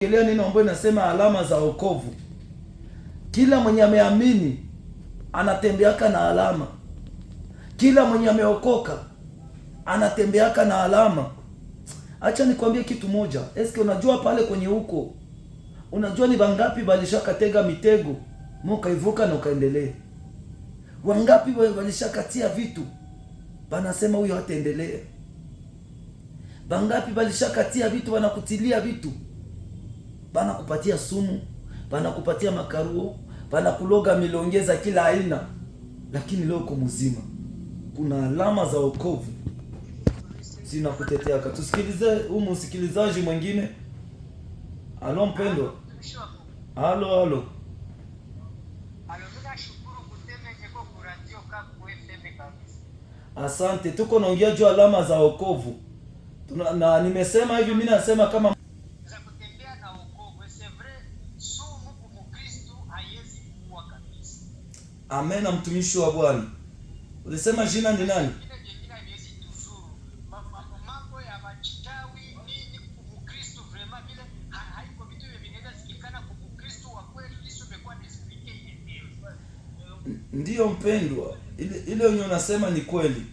Leo neno ambayo inasema alama za wokovu. Kila mwenye ameamini anatembeaka na alama. Kila mwenye ameokoka anatembeaka na alama. Acha nikwambie kitu moja. Eske unajua pale kwenye huko, unajua ni wangapi walishakatega mitego mo ukaivuka na ukaendelee? Wangapi walishakatia vitu banasema huyo hataendelea? Wangapi walishakatia vitu, wanakutilia vitu bana kupatia sumu, kupatia makaruo, milonge milongeza kila aina, lakini leo uko mzima. Kuna alama za wokovu, sina Tusikilize huu msikilizaji mwingine. alo mpendo, alo alo Asante, tuko naongea juu alama za wokovu na nimesema hivi, mimi nasema kama Amena, mtumishi wa Bwana. Ulisema jina ni nani? Ndiyo mpendwa, ile ile yenye unasema ni kweli.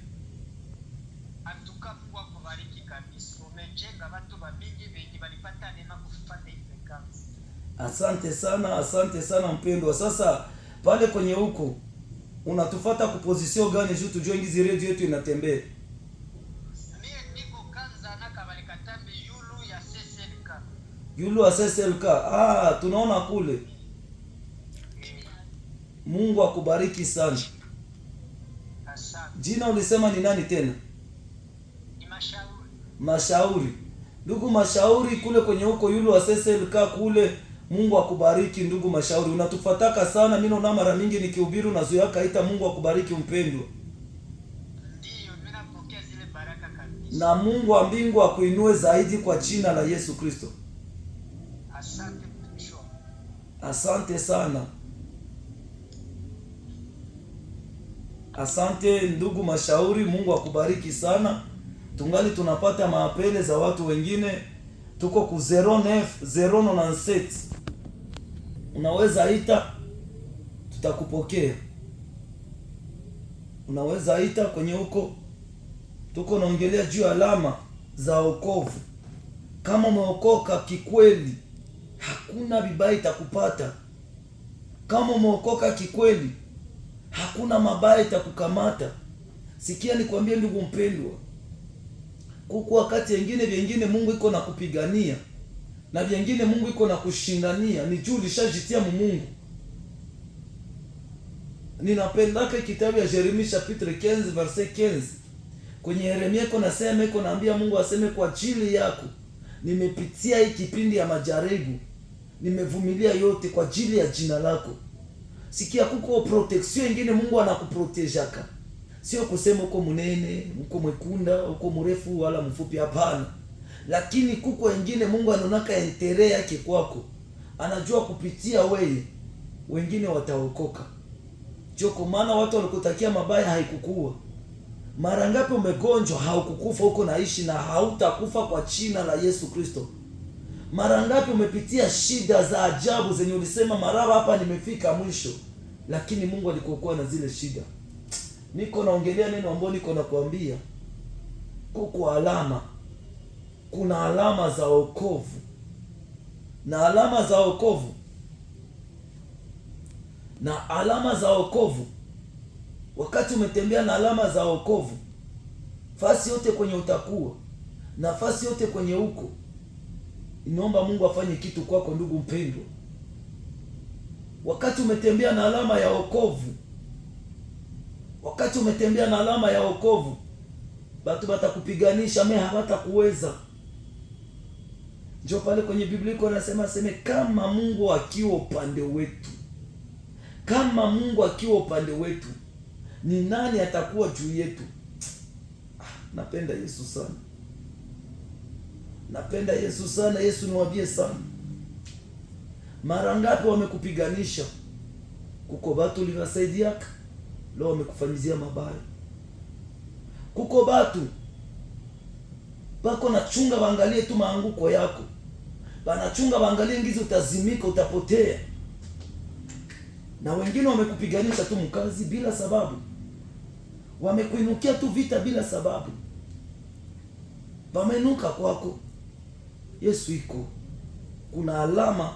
Asante sana, asante sana mpendwa. Sasa pale kwenye huko unatufata kupozisio gani juu tujue ngizi redio yetu inatembea? Yulu wa SSLK. Ah, tunaona kule. Mungu akubariki sana. Jina ulisema ni nani tena? Ni Mashauri. Mashauri. Ndugu Mashauri, kule kwenye huko Yulu wa SSLK kule Mungu akubariki ndugu Mashauri, unatufataka sana. Mimi naona mara mingi nikihubiri unazoea kaita Mungu akubariki mpendwa, na Mungu wa mbingu akuinue zaidi kwa jina la Yesu Kristo. Asante, asante sana, asante ndugu Mashauri, Mungu akubariki sana. Tungali tunapata maapele za watu wengine tuko ku 09 097 unaweza ita tutakupokea. Unaweza ita kwenye huko, tuko naongelea juu ya alama za okovu Kama umeokoka kikweli, hakuna vibaya itakupata. Kama umeokoka kikweli, hakuna mabaya itakukamata. Sikia nikwambie, ndugu mpendwa kuku wakati wengine vyengine Mungu iko na kupigania na vyengine Mungu iko na kushindania, ni juu lishajitia Mungu. Ninapendaka kitabu ya jeremia chapitre 15 verse 15 kwenye Yeremia iko nasema, iko naambia Mungu aseme, kwa ajili yako nimepitia hii kipindi ya majaribu, nimevumilia yote kwa ajili ya jina lako. Sikia, kuko protection yengine Mungu anakuprotejaka Sio kusema uko mnene, uko mwekunda, uko mrefu wala mfupi, hapana. Lakini kuko wengine Mungu anaonaka entere yake kwako, anajua kupitia wewe wengine wataokoka. Joko maana watu walikutakia mabaya haikukua mara ngapi umegonjwa, haukukufa huko naishi na hautakufa kwa china la Yesu Kristo. Mara ngapi umepitia shida za ajabu zenye ulisema maraba hapa nimefika mwisho, lakini Mungu alikuokoa na zile shida niko naongelea neno ambalo niko nakwambia, kuko alama, kuna alama za wokovu na alama za wokovu na alama za wokovu. Wakati umetembea na alama za wokovu, fasi yote kwenye utakuwa na fasi yote kwenye huko, inaomba Mungu afanye kitu kwako, ndugu mpendwa. Wakati umetembea na alama ya wokovu wakati umetembea na alama ya wokovu, batu batakupiganisha me hawatakuweza. Ndio pale kwenye Biblia iko nasema seme, kama Mungu akiwa upande wetu, kama Mungu akiwa upande wetu, ni nani atakuwa juu yetu? Ah, napenda Yesu sana, napenda Yesu sana. Yesu niwambie sana, mara ngapi wamekupiganisha, kuko batu linasaidiaka leo wamekufanyizia mabaya. Kuko batu bako nachunga waangalie tu maanguko yako, banachunga waangalie ngizi utazimika, utapotea. Na wengine wamekupiganisha tu mkazi bila sababu, wamekuinukia tu vita bila sababu, wamenuka kwako. Yesu iko kuna alama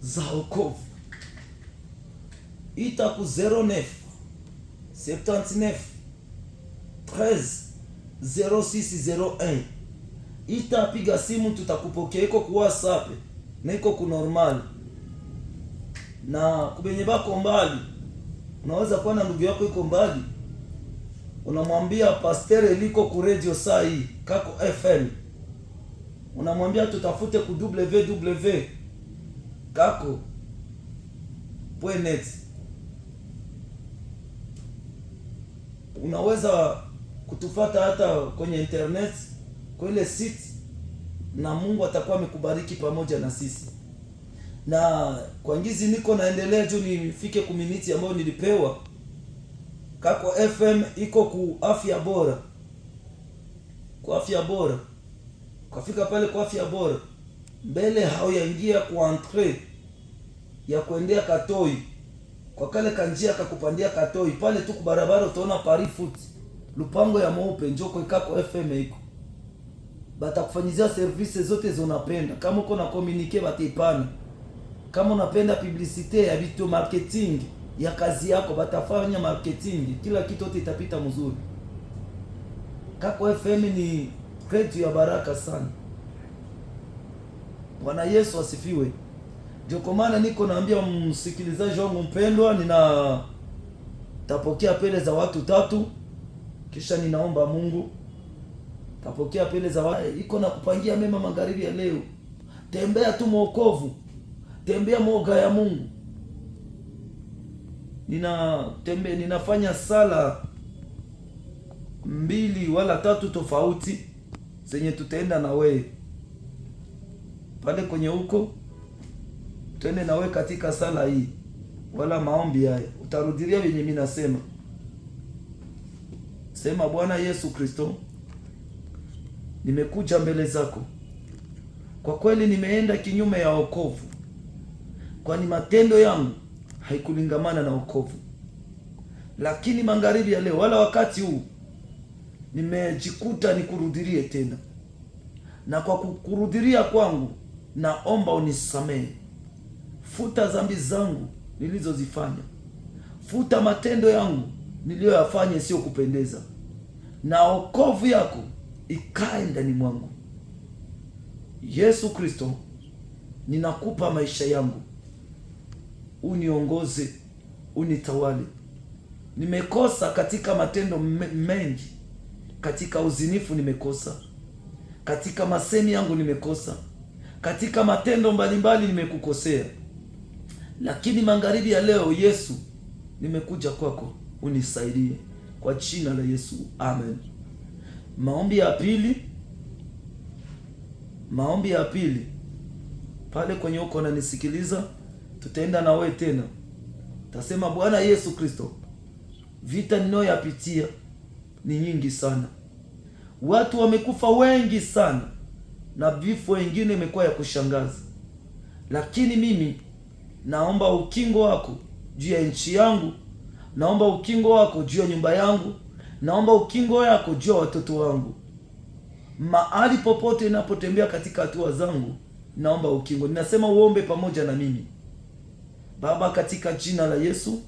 za okovu itaku ku 09 79 13 0601. Ita piga simu, tutakupokea. Iko ku WhatsApp na iko ku na kubenye bako mbali, unaweza kuwa na ndugu yako iko mbali, unamwambia pastere liko ku radio saa hii kako FM, unamwambia tutafute ku www kako pwenet unaweza kutufata hata kwenye internet kwa ile site, na Mungu atakuwa amekubariki pamoja na sisi. Na kwa ngizi niko naendelea juu nifike kuminiti ambayo nilipewa Kako FM iko ku afya bora, ku afya bora. Ukafika pale kwa afya bora mbele, hauyaingia ku entre ya kuendea Katoi kwa kale kanjia kakupandia katoi pale tu kubarabara, utaona pari foot lupango ya mweupe njoko ikako FM iko batakufanyizia service zote zonapenda. Kama uko na communique bataipana, kama unapenda publicite ya vitu marketing ya kazi yako batafanya marketing, kila kitu yote itapita mzuri. Kako FM ni kretu ya baraka sana. Bwana Yesu asifiwe. Ndio kwa maana niko naambia msikilizaji wangu mpendwa, nina tapokea pele za watu tatu, kisha ninaomba Mungu tapokea pele za watu iko na kupangia mema. Magharibi ya leo tembea tu mwokovu, tembea mwoga ya Mungu. Nina tembe, ninafanya sala mbili wala tatu tofauti zenye tutaenda na wewe pale kwenye huko twende nawe katika sala hii wala maombi haya, utarudilia vyenye mimi nasema. Sema, Bwana Yesu Kristo, nimekuja mbele zako, kwa kweli nimeenda kinyume ya wokovu, kwani matendo yangu haikulingamana na wokovu. Lakini magharibi ya leo wala wakati huu nimejikuta nikurudhirie tena, na kwa kukurudhiria kwangu naomba unisamehe futa dhambi zangu nilizozifanya, futa matendo yangu niliyoyafanya sio kupendeza, na okovu yako ikae ndani mwangu. Yesu Kristo, ninakupa maisha yangu, uniongoze, unitawale. Nimekosa katika matendo mengi, katika uzinifu nimekosa, katika masemi yangu nimekosa, katika matendo mbalimbali nimekukosea. Lakini magharibi ya leo, Yesu nimekuja kwako, unisaidie kwa jina la Yesu, amen. Maombi ya pili, maombi ya pili pale kwenye uko nanisikiliza tutaenda na wewe tena, tasema Bwana Yesu Kristo, vita ninayoyapitia ni nyingi sana, watu wamekufa wengi sana, na vifo wengine imekuwa ya kushangaza, lakini mimi naomba ukingo wako juu ya nchi yangu, naomba ukingo wako juu ya nyumba yangu, naomba ukingo yako juu ya watoto wangu. Mahali popote ninapotembea katika hatua zangu, naomba ukingo. Ninasema uombe pamoja na mimi. Baba, katika jina la Yesu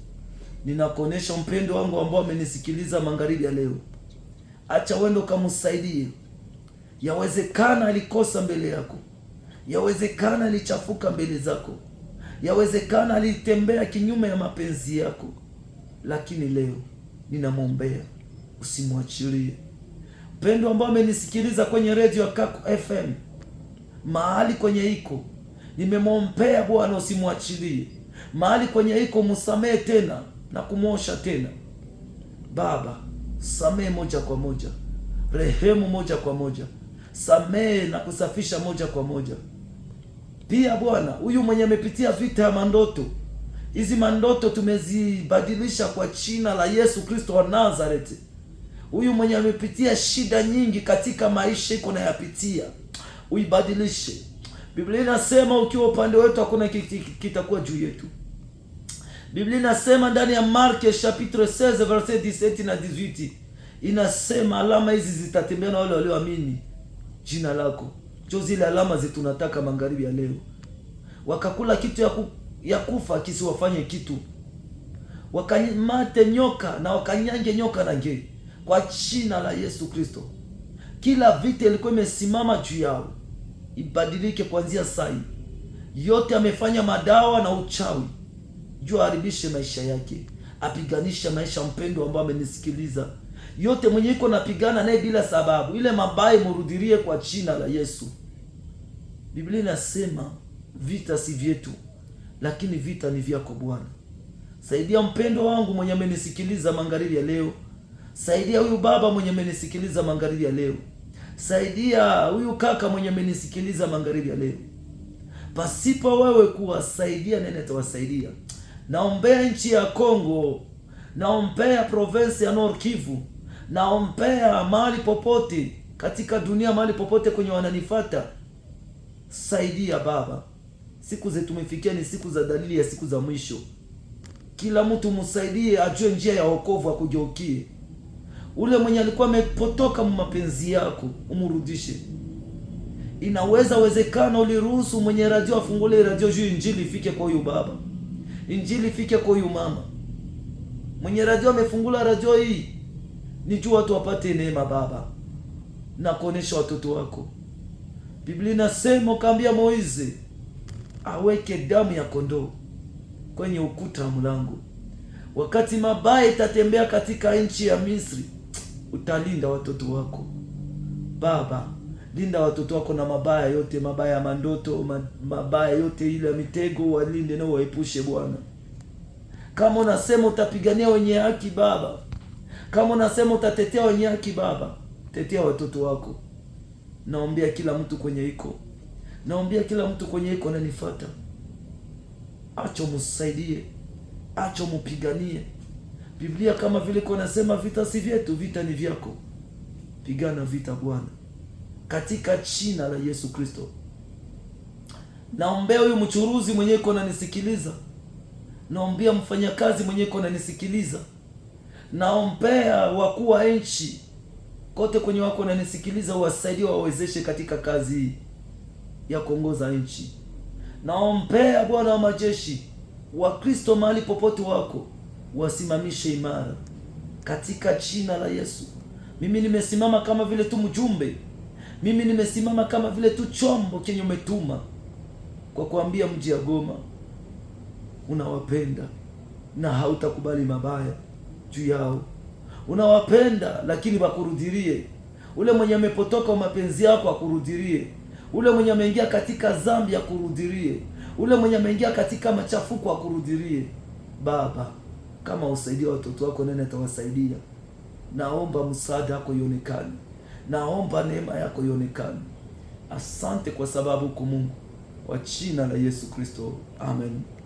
ninakuonesha mpendo wangu ambao amenisikiliza magharibi ya leo, acha wendo kamsaidie. Yawezekana alikosa mbele yako, yawezekana alichafuka mbele zako Yawezekana alitembea kinyume ya mapenzi yako, lakini leo ninamwombea usimwachilie. Mpendwa ambao amenisikiliza kwenye redio ya Kaku FM mahali kwenye iko, nimemwombea Bwana usimwachilie mahali kwenye iko, msamehe tena na kumwosha tena. Baba samehe moja kwa moja, rehemu moja kwa moja, samehe na kusafisha moja kwa moja pia Bwana, huyu mwenye amepitia vita ya mandoto, hizi mandoto tumezibadilisha kwa china la Yesu Kristo wa Nazareti. Huyu mwenye amepitia shida nyingi katika maisha iko nayapitia, uibadilishe. Biblia inasema ukiwa upande wetu hakuna kitakuwa juu yetu. Biblia inasema ndani ya Marko chapitre 16 verse 17 na 18 inasema alama hizi zitatembea na wale walioamini jina lako jo zile alama zitunataka magharibi ya leo, wakakula kitu ya, ku, ya kufa kisiwafanye kitu, wakamate nyoka na wakanyange nyoka na nge kwa china la Yesu Kristo. Kila vita ilikuwa imesimama juu yao ibadilike kuanzia sai. Yote amefanya madawa na uchawi juu aharibishe maisha yake, apiganisha maisha mpendo ambayo amenisikiliza yote mwenye iko napigana naye bila sababu, ile mabaya murudirie kwa china la Yesu. Biblia inasema vita si vyetu, lakini vita ni vyako Bwana. Saidia mpendo wangu mwenye amenisikiliza mangariri ya leo, saidia huyu baba mwenye amenisikiliza mangariri ya leo, saidia huyu kaka mwenye amenisikiliza mangariri ya leo. Pasipo wewe kuwasaidia, nene tawasaidia Naombea nchi ya Kongo, naombea province ya nor Kivu naombea mahali popote katika dunia, mahali popote kwenye wananifata, saidia Baba. Siku zetu zetumefikia ni siku za dalili ya siku za mwisho. Kila mtu msaidie, ajue njia ya wokovu, akugeukie. Ule mwenye alikuwa amepotoka mapenzi yako umrudishe. Inaweza wezekana uliruhusu mwenye radio afungule radio juu injili ifike kwa huyu baba, injili ifike kwa huyu mama. Mwenye radio amefungula radio hii ni juu watu wapate neema, Baba, na kuonesha watoto wako. Biblia inasema ukaambia Moizi aweke damu ya kondoo kwenye ukuta wa mlango. Wakati mabaya itatembea katika nchi ya Misri, utalinda watoto wako Baba. Linda watoto wako na mabaya yote, mabaya ya mandoto, mabaya yote ile ya mitego, walinde na waepushe Bwana. Kama unasema utapigania wenye haki Baba, kama unasema utatetea wenye haki, Baba, tetea watoto wako. Naombea kila mtu kwenye iko, naombea kila mtu kwenye iko nanifata acho msaidie, acho mpiganie. Biblia kama vile ko nasema, vita si vyetu, vita ni vyako. Pigana vita Bwana, katika china la Yesu Kristo. Naombea huyu mchuruzi mwenye iko nanisikiliza naombea mfanyakazi mwenye iko ananisikiliza naombea wakuu wa nchi kote kwenye wako nanisikiliza uwasaidie wawezeshe katika kazi ya kuongoza nchi. Naombea Bwana wa majeshi, Wakristo mahali popote wako, wasimamishe imara katika jina la Yesu. Mimi nimesimama kama vile tu mjumbe, mimi nimesimama kama vile tu chombo kenye umetuma kwa kuambia mji ya Goma unawapenda na hautakubali mabaya juu yao. Unawapenda lakini wakurudirie. Ule mwenye amepotoka mapenzi yako akurudirie. Ule mwenye ameingia katika dhambi akurudirie. Ule mwenye ameingia katika machafuko akurudirie. Baba, kama usaidia watoto wako, nene atawasaidia? Naomba msaada yako ionekane, naomba neema yako ionekane. Asante kwa sababu huku Mungu, kwa jina la Yesu Kristo, amen.